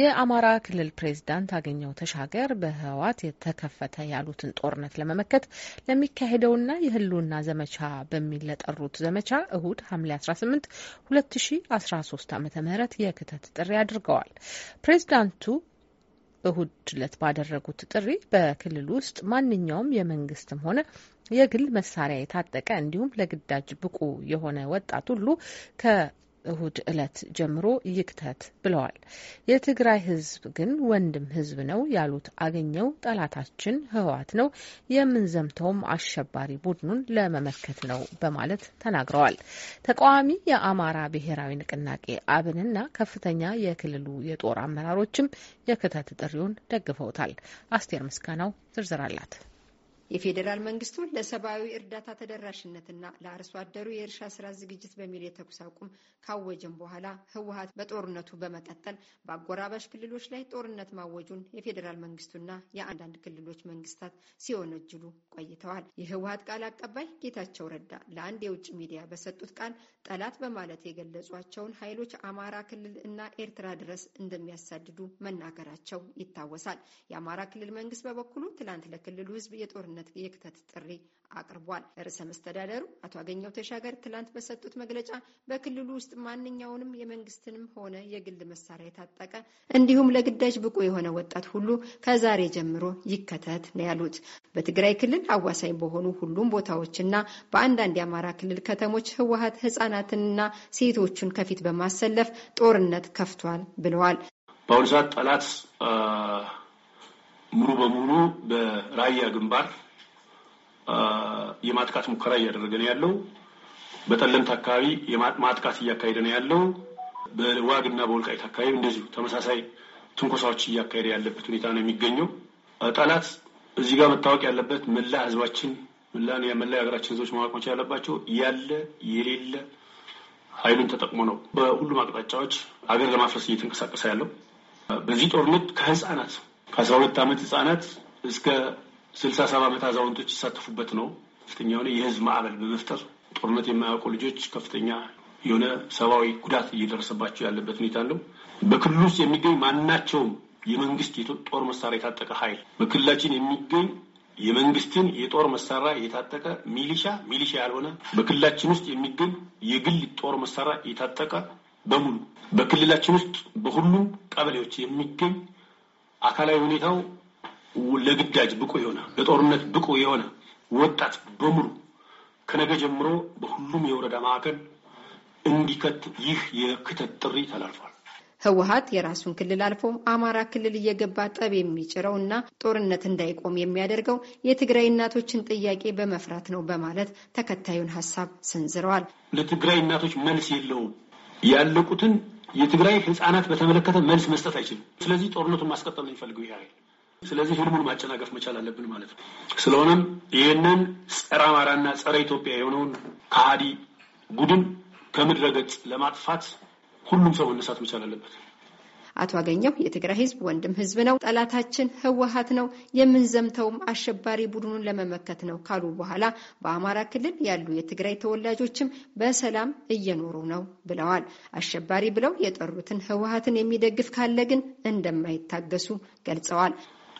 የአማራ ክልል ፕሬዚዳንት አገኘው ተሻገር በህወሓት የተከፈተ ያሉትን ጦርነት ለመመከት ለሚካሄደውና የህልውና ዘመቻ በሚል ለጠሩት ዘመቻ እሁድ ሐምሌ 18 2013 ዓ ም የክተት ጥሪ አድርገዋል። ፕሬዚዳንቱ እሁድ ዕለት ባደረጉት ጥሪ በክልል ውስጥ ማንኛውም የመንግስትም ሆነ የግል መሳሪያ የታጠቀ እንዲሁም ለግዳጅ ብቁ የሆነ ወጣት ሁሉ ከ እሁድ ዕለት ጀምሮ ይክተት ብለዋል። የትግራይ ህዝብ ግን ወንድም ህዝብ ነው ያሉት አገኘው ጠላታችን ህወሓት ነው የምንዘምተውም አሸባሪ ቡድኑን ለመመከት ነው በማለት ተናግረዋል። ተቃዋሚ የአማራ ብሔራዊ ንቅናቄ አብንና ከፍተኛ የክልሉ የጦር አመራሮችም የክተት ጥሪውን ደግፈውታል። አስቴር ምስጋናው ዝርዝር አላት። የፌዴራል መንግስቱ ለሰብአዊ እርዳታ ተደራሽነትና ለአርሶ አደሩ የእርሻ ስራ ዝግጅት በሚል የተኩስ አቁም ካወጀም በኋላ ህወሀት በጦርነቱ በመቀጠል በአጎራባሽ ክልሎች ላይ ጦርነት ማወጁን የፌዴራል መንግስቱና የአንዳንድ ክልሎች መንግስታት ሲወነጅሉ ቆይተዋል። የህወሀት ቃል አቀባይ ጌታቸው ረዳ ለአንድ የውጭ ሚዲያ በሰጡት ቃል ጠላት በማለት የገለጿቸውን ኃይሎች አማራ ክልል እና ኤርትራ ድረስ እንደሚያሳድዱ መናገራቸው ይታወሳል። የአማራ ክልል መንግስት በበኩሉ ትላንት ለክልሉ ህዝብ የጦርነት የአብሮነት የክተት ጥሪ አቅርቧል። ርዕሰ መስተዳደሩ አቶ አገኘው ተሻገር ትላንት በሰጡት መግለጫ በክልሉ ውስጥ ማንኛውንም የመንግስትንም ሆነ የግል መሳሪያ የታጠቀ እንዲሁም ለግዳጅ ብቁ የሆነ ወጣት ሁሉ ከዛሬ ጀምሮ ይከተት ነው ያሉት። በትግራይ ክልል አዋሳኝ በሆኑ ሁሉም ቦታዎችና በአንዳንድ የአማራ ክልል ከተሞች ህወሀት ህጻናትንና ሴቶቹን ከፊት በማሰለፍ ጦርነት ከፍቷል ብለዋል። በአሁኑ ሰዓት ጠላት ሙሉ በሙሉ በራያ ግንባር የማጥቃት ሙከራ እያደረገ ነው ያለው። በጠለምት አካባቢ ማጥቃት እያካሄደ ነው ያለው። በዋግና በወልቃይት አካባቢ እንደዚሁ ተመሳሳይ ትንኮሳዎች እያካሄደ ያለበት ሁኔታ ነው የሚገኘው። ጠላት እዚህ ጋር መታወቅ ያለበት መላ ህዝባችን መላ የሀገራችን ህዝቦች ማወቅ ያለባቸው ያለ የሌለ ኃይሉን ተጠቅሞ ነው በሁሉም አቅጣጫዎች አገር ለማፍረስ እየተንቀሳቀሰ ያለው። በዚህ ጦርነት ከህፃናት ከአስራ ሁለት ዓመት ህፃናት እስከ ስልሳ ሰባ ዓመት አዛውንቶች ይሳተፉበት ነው። ከፍተኛ የሆነ የህዝብ ማዕበል በመፍጠር ጦርነት የማያውቁ ልጆች ከፍተኛ የሆነ ሰብአዊ ጉዳት እየደረሰባቸው ያለበት ሁኔታ አለው። በክልሉ ውስጥ የሚገኝ ማናቸውም የመንግስት የጦር መሳሪያ የታጠቀ ኃይል በክልላችን የሚገኝ የመንግስትን የጦር መሳሪያ የታጠቀ ሚሊሻ ሚሊሻ ያልሆነ በክልላችን ውስጥ የሚገኝ የግል ጦር መሳሪያ የታጠቀ በሙሉ በክልላችን ውስጥ በሁሉም ቀበሌዎች የሚገኝ አካላዊ ሁኔታው ለግዳጅ ብቁ የሆነ ለጦርነት ብቁ የሆነ ወጣት በሙሉ ከነገ ጀምሮ በሁሉም የወረዳ ማዕከል እንዲከት ይህ የክተት ጥሪ ተላልፏል። ህወሀት የራሱን ክልል አልፎ አማራ ክልል እየገባ ጠብ የሚጭረው እና ጦርነት እንዳይቆም የሚያደርገው የትግራይ እናቶችን ጥያቄ በመፍራት ነው በማለት ተከታዩን ሀሳብ ሰንዝረዋል። ለትግራይ እናቶች መልስ የለውም። ያለቁትን የትግራይ ህጻናት በተመለከተ መልስ መስጠት አይችልም። ስለዚህ ጦርነቱን ማስቀጠል ነው የሚፈልገው ይህ ስለዚህ ህልሙን ማጨናገፍ መቻል አለብን ማለት ነው። ስለሆነም ይህንን ጸረ አማራና ጸረ ኢትዮጵያ የሆነውን ከሃዲ ቡድን ከምድረ ገጽ ለማጥፋት ሁሉም ሰው መነሳት መቻል አለበት። አቶ አገኘው የትግራይ ህዝብ ወንድም ህዝብ ነው፣ ጠላታችን ህወሀት ነው፣ የምንዘምተውም አሸባሪ ቡድኑን ለመመከት ነው ካሉ በኋላ በአማራ ክልል ያሉ የትግራይ ተወላጆችም በሰላም እየኖሩ ነው ብለዋል። አሸባሪ ብለው የጠሩትን ህወሀትን የሚደግፍ ካለ ግን እንደማይታገሱ ገልጸዋል።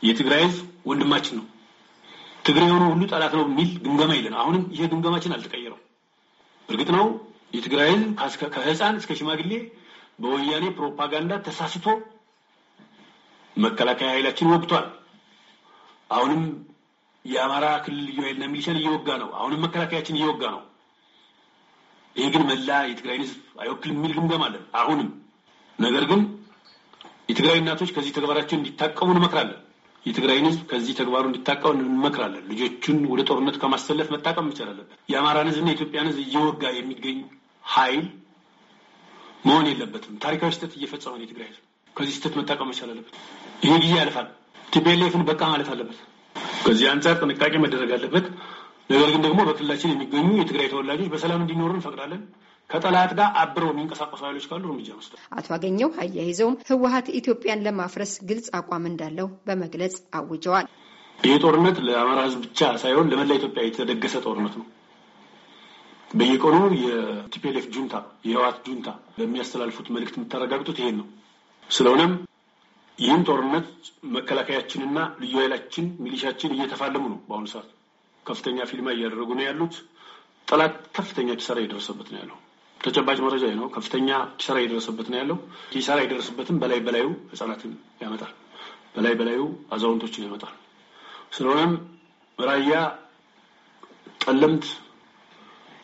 የትግራይ ህዝብ ወንድማችን ነው። ትግራይ የሆነ ሁሉ ጠላት ነው የሚል ግምገማ የለንም። አሁንም ይሄ ግምገማችን አልተቀየረም። እርግጥ ነው የትግራይ ህዝብ ከህፃን እስከ ሽማግሌ በወያኔ ፕሮፓጋንዳ ተሳስቶ መከላከያ ኃይላችን ወግቷል። አሁንም የአማራ ክልል ልዩ ኃይልና ሚሊሻን እየወጋ ነው። አሁንም መከላከያችን እየወጋ ነው። ይሄ ግን መላ የትግራይን ህዝብ አይወክልም የሚል ግምገማ አለን። አሁንም ነገር ግን የትግራይ እናቶች ከዚህ ተግባራቸው እንዲታቀሙ እንመክራለን። የትግራይን ህዝብ ከዚህ ተግባሩ እንዲታቀው እንመክራለን። ልጆቹን ወደ ጦርነት ከማሰለፍ መታቀም መቻል አለበት። የአማራን ህዝብና የኢትዮጵያን ህዝብ እየወጋ የሚገኝ ኃይል መሆን የለበትም። ታሪካዊ ስህተት እየፈጸመ ነው የትግራይ ህዝብ። ከዚህ ስህተት መታቀም መቻል አለበት። ይሄ ጊዜ ያልፋል። ቲፒኤልኤፍን በቃ ማለት አለበት። ከዚህ አንጻር ጥንቃቄ መደረግ አለበት። ነገር ግን ደግሞ በክልላችን የሚገኙ የትግራይ ተወላጆች በሰላም እንዲኖሩ እንፈቅዳለን። ከጠላት ጋር አብረው የሚንቀሳቀሱ ኃይሎች ካሉ እርምጃ ወስዳል። አቶ አገኘው አያይዘውም ህወሀት ኢትዮጵያን ለማፍረስ ግልጽ አቋም እንዳለው በመግለጽ አውጀዋል። ይህ ጦርነት ለአማራ ህዝብ ብቻ ሳይሆን ለመላ ኢትዮጵያ የተደገሰ ጦርነት ነው። በየቀኑ የቲፒኤልኤፍ ጁንታ የህወሀት ጁንታ በሚያስተላልፉት መልእክት የምታረጋግጡት ይሄን ነው። ስለሆነም ይህን ጦርነት መከላከያችንና ልዩ ኃይላችን ሚሊሻችን እየተፋለሙ ነው። በአሁኑ ሰዓት ከፍተኛ ፊልማ እያደረጉ ነው ያሉት። ጠላት ከፍተኛ ኪሳራ እየደረሰበት ነው ያለው። ተጨባጭ መረጃ ነው። ከፍተኛ ኪሳራ የደረሰበት ነው ያለው። ኪሳራ የደረሰበትም በላይ በላዩ ህጻናትን ያመጣል፣ በላይ በላዩ አዛውንቶችን ያመጣል። ስለሆነም ራያ ጠለምት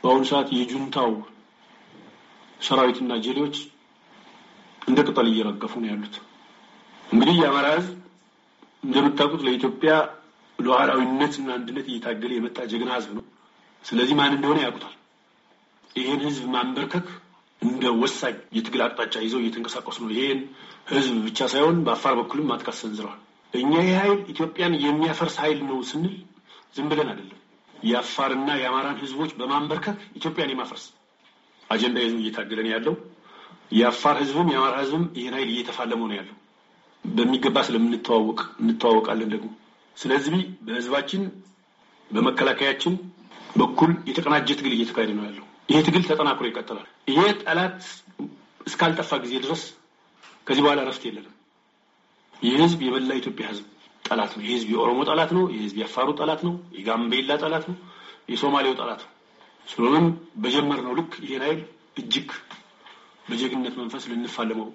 በአሁኑ ሰዓት የጁንታው ሰራዊትና ጀሌዎች እንደ ቅጠል እየረገፉ ነው ያሉት። እንግዲህ የአማራ ህዝብ እንደምታውቁት ለኢትዮጵያ ሉዓላዊነትና አንድነት እየታገለ የመጣ ጀግና ህዝብ ነው። ስለዚህ ማን እንደሆነ ያውቁታል። ይህን ህዝብ ማንበርከክ እንደ ወሳኝ የትግል አቅጣጫ ይዘው እየተንቀሳቀሱ ነው። ይህን ህዝብ ብቻ ሳይሆን በአፋር በኩልም ማጥቃት ሰንዝረዋል። እኛ ይህ ኃይል ኢትዮጵያን የሚያፈርስ ኃይል ነው ስንል ዝም ብለን አይደለም። የአፋርና የአማራን ህዝቦች በማንበርከክ ኢትዮጵያን የማፈርስ አጀንዳ ይዞ እየታገለ ነው ያለው። የአፋር ህዝብም የአማራ ህዝብም ይህን ኃይል እየተፋለመው ነው ያለው። በሚገባ ስለምንተዋወቅ እንተዋወቃለን ደግሞ። ስለዚህ በህዝባችን በመከላከያችን በኩል የተቀናጀ ትግል እየተካሄደ ነው ያለው። ይሄ ትግል ተጠናክሮ ይቀጥላል። ይሄ ጠላት እስካልጠፋ ጊዜ ድረስ ከዚህ በኋላ ረፍት የለንም። ይህ ህዝብ የበላ ኢትዮጵያ ህዝብ ጠላት ነው። ይህ ህዝብ የኦሮሞ ጠላት ነው። ይህ ህዝብ የአፋሩ ጠላት ነው። የጋምቤላ ጠላት ነው። የሶማሌው ጠላት ነው። ስለሆነም በጀመርነው ልክ ይሄን ኃይል እጅግ በጀግነት መንፈስ ልንፋለመው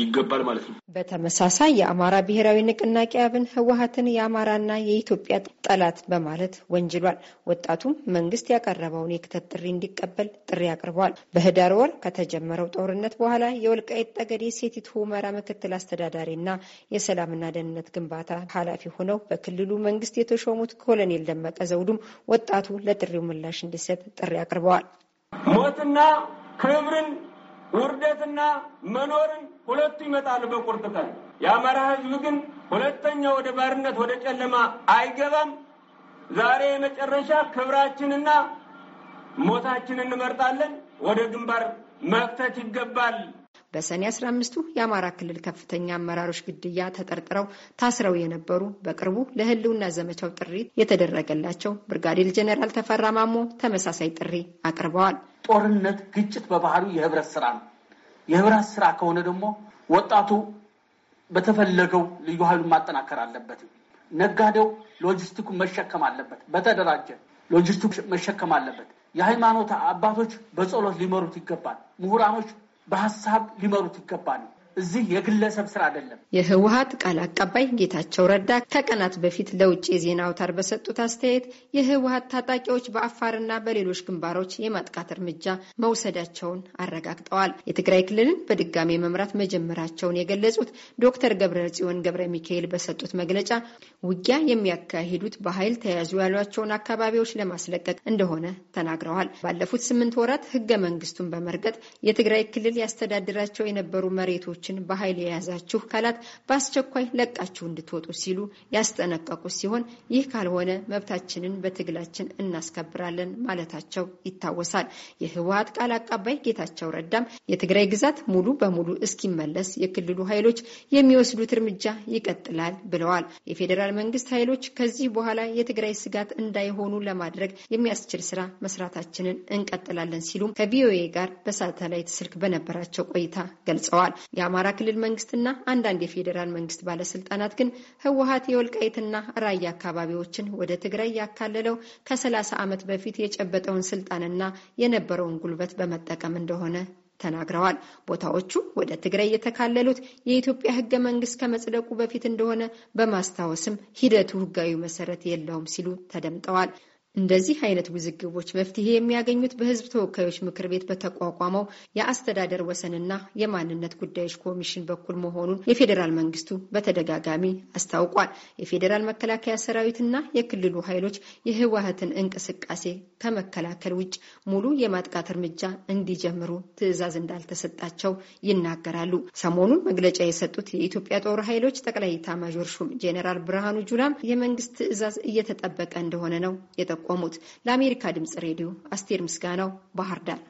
ይገባል ማለት ነው። በተመሳሳይ የአማራ ብሔራዊ ንቅናቄ አብን ህወሀትን የአማራና የኢትዮጵያ ጠላት በማለት ወንጅሏል። ወጣቱም መንግስት ያቀረበውን የክተት ጥሪ እንዲቀበል ጥሪ አቅርበዋል። በህዳር ወር ከተጀመረው ጦርነት በኋላ የወልቃይት ጠገዴ ሴቲት ሁመራ ምክትል አስተዳዳሪና የሰላምና ደህንነት ግንባታ ኃላፊ ሆነው በክልሉ መንግስት የተሾሙት ኮሎኔል ደመቀ ዘውዱም ወጣቱ ለጥሪው ምላሽ እንዲሰጥ ጥሪ አቅርበዋል። ሞትና ክብርን ውርደትና መኖርን ሁለቱ ይመጣሉ በቁርጥ ቀን። የአማራ ህዝብ ግን ሁለተኛ ወደ ባርነት ወደ ጨለማ አይገባም። ዛሬ የመጨረሻ ክብራችንና ሞታችን እንመርጣለን። ወደ ግንባር መክተት ይገባል። በሰኔ 15ቱ የአማራ ክልል ከፍተኛ አመራሮች ግድያ ተጠርጥረው ታስረው የነበሩ በቅርቡ ለህልውና ዘመቻው ጥሪ የተደረገላቸው ብርጋዴር ጀኔራል ተፈራ ማሞ ተመሳሳይ ጥሪ አቅርበዋል። ጦርነት፣ ግጭት በባህሪው የህብረት ስራ ነው። የህብረት ስራ ከሆነ ደግሞ ወጣቱ በተፈለገው ልዩ ኃይሉን ማጠናከር አለበት። ነጋዴው ሎጂስቲኩ መሸከም አለበት። በተደራጀ ሎጂስቲኩ መሸከም አለበት። የሃይማኖት አባቶች በጸሎት ሊመሩት ይገባል። ምሁራኖች በሀሳብ ሊመሩት ይገባል። እዚህ የግለሰብ ስራ አይደለም። የህወሀት ቃል አቀባይ ጌታቸው ረዳ ከቀናት በፊት ለውጭ የዜና አውታር በሰጡት አስተያየት የህወሀት ታጣቂዎች በአፋርና በሌሎች ግንባሮች የማጥቃት እርምጃ መውሰዳቸውን አረጋግጠዋል። የትግራይ ክልልን በድጋሚ መምራት መጀመራቸውን የገለጹት ዶክተር ገብረ ጽዮን ገብረ ሚካኤል በሰጡት መግለጫ ውጊያ የሚያካሂዱት በኃይል ተያዙ ያሏቸውን አካባቢዎች ለማስለቀቅ እንደሆነ ተናግረዋል። ባለፉት ስምንት ወራት ህገ መንግስቱን በመርገጥ የትግራይ ክልል ያስተዳድራቸው የነበሩ መሬቶች ኃይሎችን በኃይል የያዛችሁ ካላት በአስቸኳይ ለቃችሁ እንድትወጡ ሲሉ ያስጠነቀቁ ሲሆን ይህ ካልሆነ መብታችንን በትግላችን እናስከብራለን ማለታቸው ይታወሳል። የህወሀት ቃል አቀባይ ጌታቸው ረዳም የትግራይ ግዛት ሙሉ በሙሉ እስኪመለስ የክልሉ ኃይሎች የሚወስዱት እርምጃ ይቀጥላል ብለዋል። የፌዴራል መንግስት ኃይሎች ከዚህ በኋላ የትግራይ ስጋት እንዳይሆኑ ለማድረግ የሚያስችል ስራ መስራታችንን እንቀጥላለን ሲሉም ከቪኦኤ ጋር በሳተላይት ስልክ በነበራቸው ቆይታ ገልጸዋል። የአማራ ክልል መንግስትና አንዳንድ የፌዴራል መንግስት ባለስልጣናት ግን ህወሀት የወልቃይትና ራያ አካባቢዎችን ወደ ትግራይ ያካለለው ከ30 ዓመት በፊት የጨበጠውን ስልጣንና የነበረውን ጉልበት በመጠቀም እንደሆነ ተናግረዋል። ቦታዎቹ ወደ ትግራይ የተካለሉት የኢትዮጵያ ህገ መንግስት ከመጽደቁ በፊት እንደሆነ በማስታወስም ሂደቱ ህጋዊ መሰረት የለውም ሲሉ ተደምጠዋል። እንደዚህ አይነት ውዝግቦች መፍትሄ የሚያገኙት በሕዝብ ተወካዮች ምክር ቤት በተቋቋመው የአስተዳደር ወሰንና የማንነት ጉዳዮች ኮሚሽን በኩል መሆኑን የፌዴራል መንግስቱ በተደጋጋሚ አስታውቋል። የፌዴራል መከላከያ ሰራዊትና የክልሉ ኃይሎች የህወሀትን እንቅስቃሴ ከመከላከል ውጭ ሙሉ የማጥቃት እርምጃ እንዲጀምሩ ትዕዛዝ እንዳልተሰጣቸው ይናገራሉ። ሰሞኑን መግለጫ የሰጡት የኢትዮጵያ ጦር ኃይሎች ጠቅላይ ኤታማዦር ሹም ጄኔራል ብርሃኑ ጁላም የመንግስት ትዕዛዝ እየተጠበቀ እንደሆነ ነው የጠቁ ያቋቋሙት። ለአሜሪካ ድምፅ ሬዲዮ አስቴር ምስጋናው ባህር ዳር